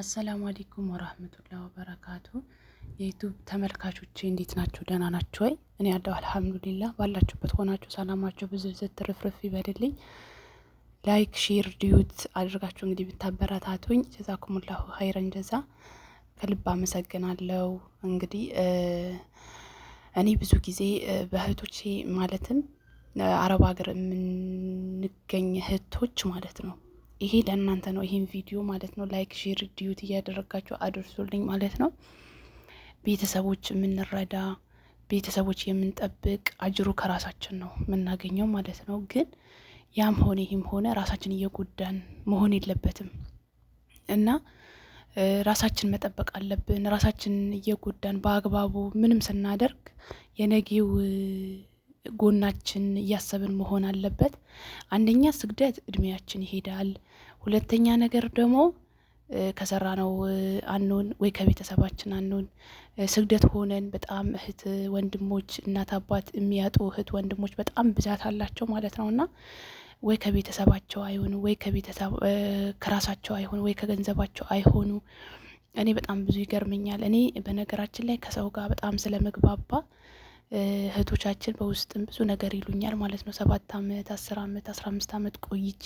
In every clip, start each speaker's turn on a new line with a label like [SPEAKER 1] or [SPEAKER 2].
[SPEAKER 1] አሰላሙ አሌይኩም ወራህመቱላሂ ወበረካቱ። የዩቱብ ተመልካቾች እንዴት ናችሁ? ደህና ናችሁ ወይ? እኔ ያለው አልሐምዱሊላ። ባላችሁበት ሆናችሁ ሰላማችሁ ብዙ ዝት ትርፍርፍ ይበልልኝ። ላይክ ሼር፣ ዲዩት አድርጋችሁ እንግዲህ ብታበረታቱኝ ጀዛኩሙላሁ ሀይረን ጀዛ ከልብ አመሰግናለሁ። እንግዲህ እኔ ብዙ ጊዜ በእህቶቼ ማለትም አረብ ሀገር የምንገኝ እህቶች ማለት ነው ይሄ ለእናንተ ነው። ይሄን ቪዲዮ ማለት ነው ላይክ፣ ሼር፣ ዲዩት እያደረጋችሁ አድርሱልኝ ማለት ነው። ቤተሰቦች የምንረዳ ቤተሰቦች የምንጠብቅ አጅሩ ከራሳችን ነው የምናገኘው ማለት ነው። ግን ያም ሆነ ይህም ሆነ ራሳችን እየጎዳን መሆን የለበትም እና ራሳችን መጠበቅ አለብን። ራሳችን እየጎዳን በአግባቡ ምንም ስናደርግ የነጌው ጎናችን እያሰብን መሆን አለበት። አንደኛ ስግደት እድሜያችን ይሄዳል። ሁለተኛ ነገር ደግሞ ከሰራ ነው አኑን ወይ ከቤተሰባችን አኑን ስግደት ሆነን በጣም እህት ወንድሞች፣ እናት አባት የሚያጡ እህት ወንድሞች በጣም ብዛት አላቸው ማለት ነው እና ወይ ከቤተሰባቸው አይሆኑ ወይ ከቤተሰብ ከራሳቸው አይሆኑ ወይ ከገንዘባቸው አይሆኑ። እኔ በጣም ብዙ ይገርመኛል። እኔ በነገራችን ላይ ከሰው ጋር በጣም ስለመግባባ እህቶቻችን በውስጥም ብዙ ነገር ይሉኛል ማለት ነው። ሰባት አመት አስር አመት አስራ አምስት አመት ቆይቼ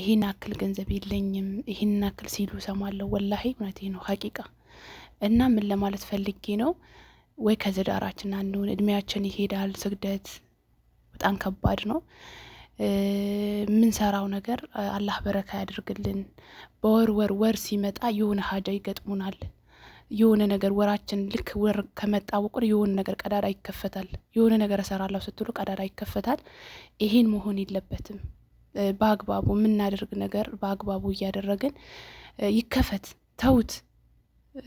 [SPEAKER 1] ይህን አክል ገንዘብ የለኝም ይህን አክል ሲሉ ሰማለሁ። ወላሂ እውነቴ ነው ሀቂቃ እና ምን ለማለት ፈልጌ ነው ወይ ከዘዳራችን አንሁን እድሜያችን ይሄዳል። ስግደት በጣም ከባድ ነው። የምንሰራው ነገር አላህ በረካ ያድርግልን። በወር ወር ወር ሲመጣ የሆነ ሀጃ ይገጥሙናል። የሆነ ነገር ወራችን ልክ ወር ከመጣ ውቁር የሆነ ነገር ቀዳዳ ይከፈታል። የሆነ ነገር እሰራለሁ ስትሉ ቀዳዳ ይከፈታል። ይሄን መሆን የለበትም። በአግባቡ የምናደርግ ነገር በአግባቡ እያደረግን ይከፈት፣ ተውት፣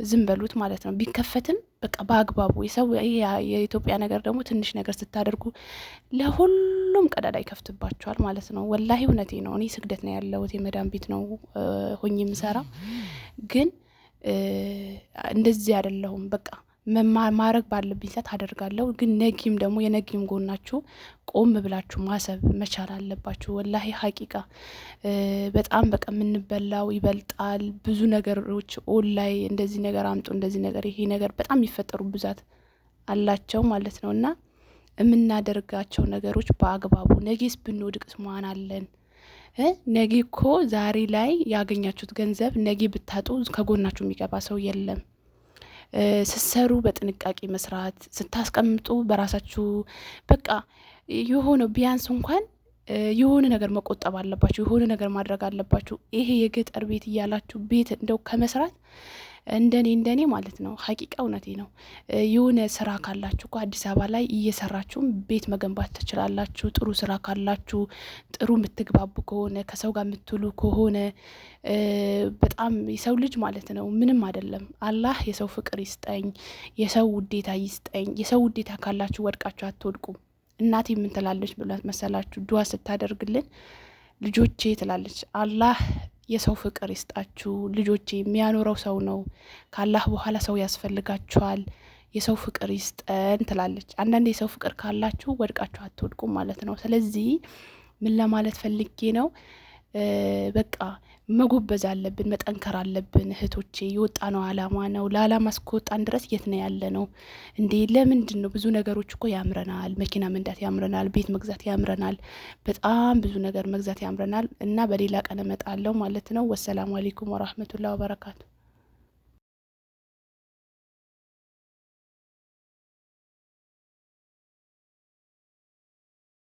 [SPEAKER 1] ዝም በሉት ማለት ነው። ቢከፈትም በቃ በአግባቡ የሰው የኢትዮጵያ ነገር ደግሞ ትንሽ ነገር ስታደርጉ ለሁሉም ቀዳዳ ይከፍትባቸዋል ማለት ነው። ወላሂ እውነቴ ነው። እኔ ስግደት ነው ያለሁት የመዳን ቤት ነው ሆኜ የምሰራ ግን እንደዚህ አይደለሁም በቃ ማድረግ ባለብኝ ሰት አደርጋለሁ። ግን ነጊም ደግሞ የነጊም ጎናችሁ ቆም ብላችሁ ማሰብ መቻል አለባችሁ። ወላሂ ሀቂቃ በጣም በቃ የምንበላው ይበልጣል። ብዙ ነገሮች ኦንላይ እንደዚህ ነገር አምጡ፣ እንደዚህ ነገር ይሄ ነገር በጣም የሚፈጠሩ ብዛት አላቸው ማለት ነው እና የምናደርጋቸው ነገሮች በአግባቡ ነጌስ ብንወድቅስ ማን አለን? ነጊ እኮ ዛሬ ላይ ያገኛችሁት ገንዘብ ነጊ ብታጡ ከጎናችሁ የሚገባ ሰው የለም። ስትሰሩ በጥንቃቄ መስራት፣ ስታስቀምጡ በራሳችሁ በቃ የሆነ ቢያንስ እንኳን የሆነ ነገር መቆጠብ አለባችሁ። የሆነ ነገር ማድረግ አለባችሁ። ይሄ የገጠር ቤት እያላችሁ ቤት እንደው ከመስራት እንደኔ እንደኔ ማለት ነው። ሀቂቃ እውነቴ ነው። የሆነ ስራ ካላችሁ እኮ አዲስ አበባ ላይ እየሰራችሁም ቤት መገንባት ትችላላችሁ። ጥሩ ስራ ካላችሁ፣ ጥሩ የምትግባቡ ከሆነ ከሰው ጋር የምትውሉ ከሆነ በጣም የሰው ልጅ ማለት ነው ምንም አይደለም። አላህ የሰው ፍቅር ይስጠኝ፣ የሰው ውዴታ ይስጠኝ። የሰው ውዴታ ካላችሁ ወድቃችሁ አትወድቁም። እናቴ የምንትላለች ብላት መሰላችሁ? ድዋ ስታደርግልን ልጆቼ ትላለች አላህ የሰው ፍቅር ይስጣችሁ ልጆቼ። የሚያኖረው ሰው ነው። ካላህ በኋላ ሰው ያስፈልጋችኋል። የሰው ፍቅር ይስጠን ትላለች። አንዳንድ የሰው ፍቅር ካላችሁ ወድቃችሁ አትወድቁም ማለት ነው። ስለዚህ ምን ለማለት ፈልጌ ነው? በቃ መጎበዝ አለብን፣ መጠንከር አለብን እህቶቼ። የወጣ ነው አላማ ነው። ለአላማ እስከወጣን ድረስ የት ነው ያለ ነው እንዴ? ለምንድን ነው ብዙ ነገሮች እኮ ያምረናል። መኪና መንዳት ያምረናል፣ ቤት መግዛት ያምረናል፣ በጣም ብዙ ነገር መግዛት ያምረናል። እና በሌላ ቀን እመጣለሁ ማለት ነው። ወሰላሙ አሌይኩም ወራህመቱላ ወበረካቱ